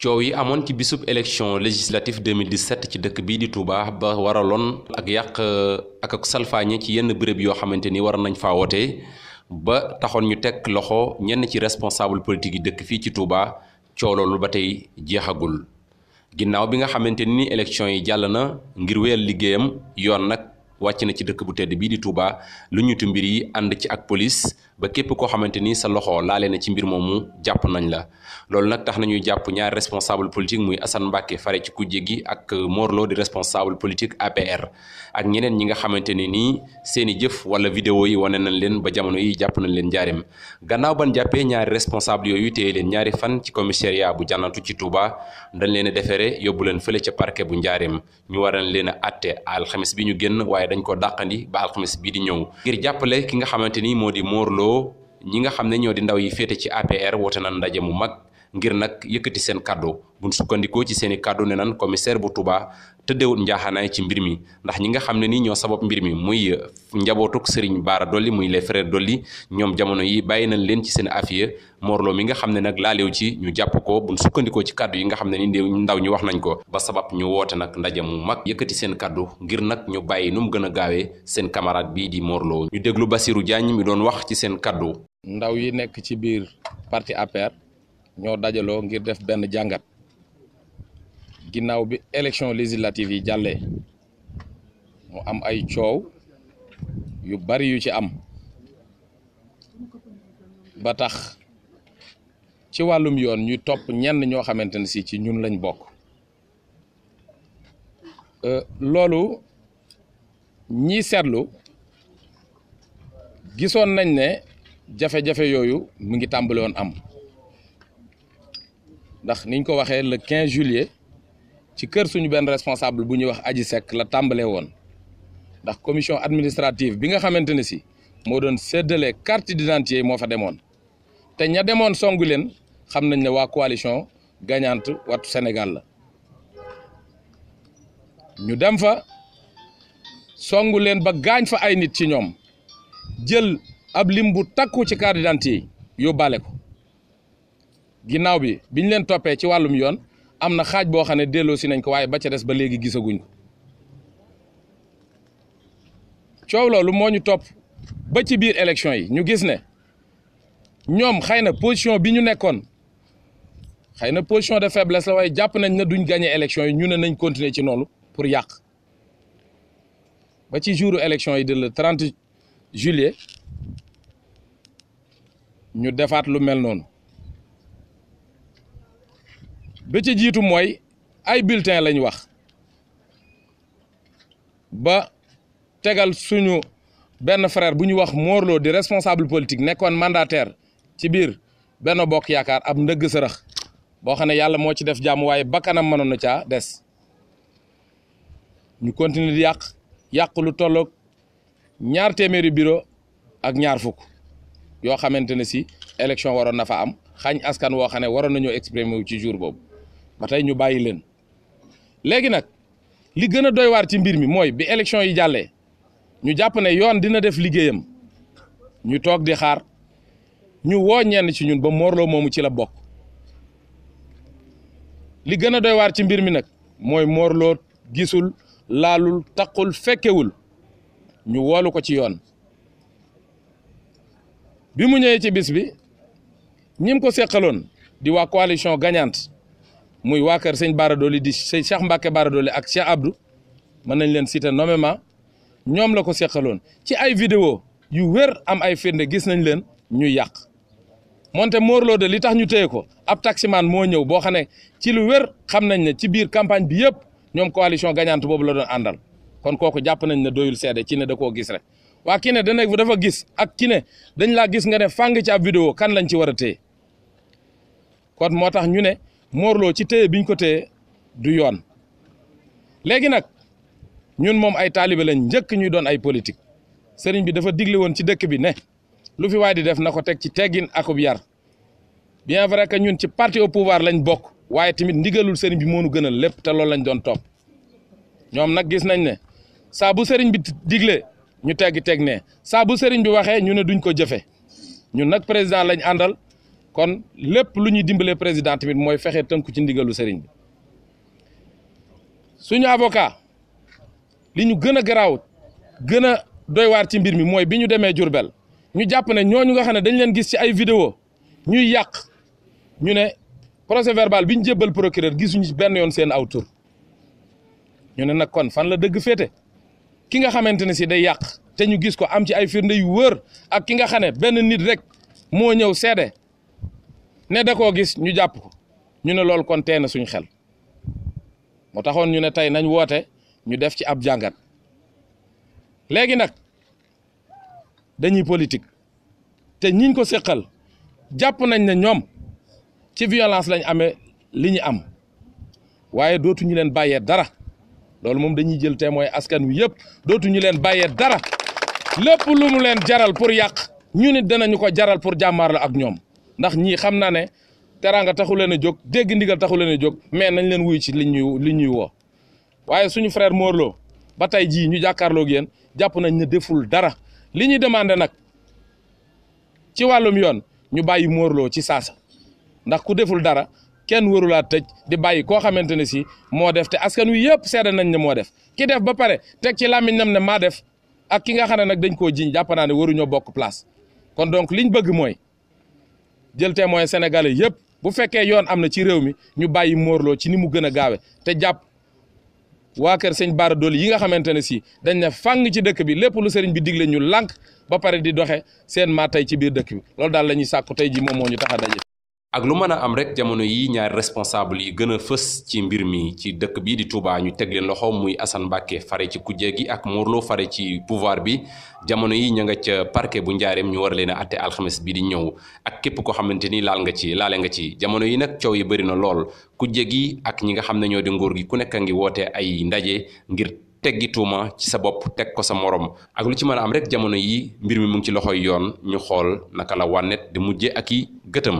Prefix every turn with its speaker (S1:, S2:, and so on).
S1: coow yi amoon ci bisub élection législative 2017 ci dëkk bii di Touba ba waraloon ak yàq ak ak salfaañe ci yenn béréb yoo xamante ni war nañ faa ba taxoon ñu teg loxo ñenn ci responsable politique yi dëkk fii ci Touba coow loolu ba tey jeexagul ginnaaw bi nga xamante ni élection yi jàll na ngir wéyal liggéeyam yoon nag wàcc na ci dëkk bu tedd bii di Touba lu ñu tumbir yi ànd ci ak police ba képp koo xamante ni sa loxo laale na ci mbir moomu jàpp nañ la loolu nag tax nañuy jàpp ñaar responsable politique muy Assane fare ci kujje gi ak euh, Morlo di responsable politique APR ak ñeneen ñi nga xamante ni nii jëf wala vidéo yi wane nañ leen ba jamono yi jàpp nañ leen gannaaw ban jàppee ñaari responsable yooyu téye leen ñaari fan ci commissariat bu jànnatu ci Touba dañ leen a defere yóbbu leen fële ca parquet bu njaareem ñu waran leen a atte alxamis bi ñu génn waaye dañ ko dàqandi ba alxamis bi di ñëw ngir jàppale ki nga xamante ni di Morlo ñi nga xam ne ñoo di ndaw yi féete ci APR wote na ndaje mu mag ngir nak yëkëti seen cadeau buñ sukkandikoo ci seen cadeau butuba ne nan commissaire bu Touba tëddeewut njaaxaanaay ci mbir ndax ñi nga xam ni ñoo sabab mbir mi muy euh, njabootuk Serigne Baara Dolli muy les frères Dolli ñoom jamono yi bàyyi nañ leen ci seen afiya morlo mi nga xam ne nag laalew ci ñu jàpp ko buñ sukkandikoo ci kàddu yi nga xam ne ndaw ñu wax nañ ko ba sabab ñu woote nag ndaje mu mag yëkkati seen kàddu ngir nag ñu bàyyi nu mu gën seen camarade bii di morlo ñu déglu Basirou Diagne mi doon wax ci seen kàddu ndaw yi
S2: nekk ci biir parti APR ñoo dajaloo ngir def benn jàngat ginnaaw bi élection législative yi jàllee mu am ay coow yu bari yu ci am ba tax ci wàllum yoon ñu topp ñenn ñoo xamante ne si ci ñun lañu bokk euh, loolu ñii seetlu gisoon nañ ne jafe-jafe yooyu mu ngi tàmbali woon am ndax niñ ko waxee le 15 juillet ci kër suñu benn responsable bu ñuy wax Aji Seck la tàmbalee woon ndax commission administrative bi nga xamante ne si moo doon séddale carte d'identité moo fa demoon te ña demoon songu leen xam nañ ne waa coalition gagnante watu Sénégal la ñu dem fa songu leen ba gaañ fa ay nit ci ñoom jël ab lim bu takku ci carte d'identité yi yóbbaale ko ginnaaw bi bi ñu leen toppee ci wàllum yoon am na xaaj boo xam ne delloo si nañ ko waaye ba ca des ba léegi gisaguñ ko coow loolu moo ñu topp ba ci biir élection yi ñu gis ne ñoom xëy na position bi ñu nekkoon xëy na position de faiblesse la waaye jàpp nañ ne duñ gagné élection yi ñu ne nañ continuer ci noonu pour yàq ba ci jouru élection yi de le 30 juillet ñu defaat lu mel noonu. ba jiitu mooy ay bulletin lañ wax ba tegal suñu benn frère bu ñu wax Morlo di responsable politique nekkoon mandataire ci biir benn bokk yaakaar ab ndëgg boo xam ne yàlla moo ci def jàmm waaye bakkanam mënoon na caa des ñu continuer di yàq yàq lu tolloog ñaar téeméeri bureau ak ñaar fukk yoo xamante ne si élection waroon na fa am xañ askan woo xam ne waroon nañoo exprimer wu ci jour boobu ba tey ñu bàyyi leen léegi nag li gën a doy waar ci mbir mi mooy bi élection yi jàllee ñu jàpp ne yoon dina def liggéeyam ñu toog di xaar ñu woo ci ñun ba moorloo moomu ci la bokk li gën a doy waar ci mbir mi nag mooy moorloo gisul laalul taqul fekkewul ñu woolu ko ci yoon bi mu ñëwee ci bis bi ñim ko seqaloon di waa coalition gañant muy waa kër sëñ Bara Dolly di sëñ Cheikh Mbacke Bara Dolly ak Cheikh Abdou mën nañ leen citer nommément ñoom la ko seqaloon ci ay vidéo yu wér am ay firnde gis nañ leen ñuy yàq moonte Morlo de li tax ñu téye ko ab taximaan moo ñëw boo xam ne ci lu wér xam nañ ne ci biir campagne bi yëpp ñoom coalition gagnante boobu la doon àndal kon kooku jàpp nañ ne doyul seede ci ne da koo gis rek waa ki ne da nekk dafa gis ak ki ne dañ laa gis nga ne fàng ci ab vidéo kan lañ ci war a téye kon moo tax ñu ne moorloo ci téye biñ ko téye du yoon léegi nag ñun moom ay taalibe lañ njëkk ñuy doon ay politique sëriñ bi dafa digle woon ci dëkk bi ne lu fi waay di def na ko teg ci teggin akub yar bien vrai que ñun ci parti au pouvoir lañ bokk waaye tamit ndigalul sëriñ bi moonu nu gënal lépp te loolu lañ doon topp ñoom nag gis nañ ne saa bu sëriñ bi digle ñu teggi teg ne saa bu sëriñ bi waxee ñu ne duñ ko jafe ñun nag président lañ àndal. kon lépp lu ñuy dimbalee président tamit mooy fexe tënku ci ndigalu sëriñ bi suñu avocat li ñu gën a garaaw gën a doy waar ci mbir mi mooy bi ñu demee Jurbel ñu jàpp ne ñoo ñu nga xam ne dañ leen gis ci ay video ñuy yàq ñu ne procès verbal bi ñu jébbal procureur gisuñu ci benn yoon seen aw ñu ne nag kon fan la dëgg féete ki nga xamante ne si day yàq te ñu gis ko am ci ay firnde yu wër ak ki nga xam ne benn nit rek moo ñëw seede ne da gis ñu jàpp ñu ne loolu kon tee na suñu xel moo taxoon ñu ne tey nañ woote ñu def ci ab jàngat léegi nag dañuy politique te ñiñ ko séqal jàpp nañ ne ñoom ci violence lañ amee li ñu am waaye dootuñu leen bàyyee dara loolu moom dañuy jël témoin askan wi yëpp dootuñu leen bàyyeet dara lépp lu leen jaral pour yàq ñu nit danañu ko jaral pour la ak ñoom ndax ñii xam naa ne teraanga taxu leen a jóg dégg ndigal taxu leen a jóg mais nañ leen wuyu ci li ñuy li ñuy woo waaye suñu frère Mor Lo ba tey jii ñu jàkkaarloog yéen jàpp nañ ne deful dara li ñuy demandé nag ci wàllum yoon ñu bàyyi Mor ci saasa ndax ku deful dara kenn warulaa tëj di bàyyi koo xamante ne si moo def te askan wi yëpp seede nañ ne moo def ki def ba pare teg ci làmmiñam ne maa def ak ki nga xam ne nag dañ koo jiñ jàpp naa ne waruñoo bokk place kon donc liñ bëgg mooy. jël témoin sénégalais yëpp bu fekkee yoon am na ci réew mi ñu bàyyi moorloo ci ni mu gën a gaawe te jàpp waa kër sëñ Bara Dolly yi nga xamante ne si dañ ne fang ci dëkk bi lépp lu sëriñ bi digle ñu lank ba pare di doxe seen maa tey ci biir dëkk bi loolu
S1: daal la ñuy sàkku tey ji moom moo ñu tax a daje ak lu mën a am rek jamono yi ñaari responsable yi gën a fës ci mbir mi ci dëkk bi di tuuba ñu teg leen loxo muy asan mbàkke fare ci kujje gi ak Morlo fare ci pouvoir bi jamono yi ña nga ca parquet bu njaareem ñu war leen a atte alxames bi di ñëw ak képp ko xamante ni laal nga ci laale nga ci jamono yi nag coow yi bëri na lool kujje gi ak ñi nga xam ne ñoo di nguur gi ku nekk a ngi woote ay ndaje ngir teggi tuuma ci sa bopp teg ko sa morom ak lu ci mën a am rek jamono yi mbir mi mu ngi ci loxoy yoon ñu xool naka la wànnet di mujjee ak i gëtam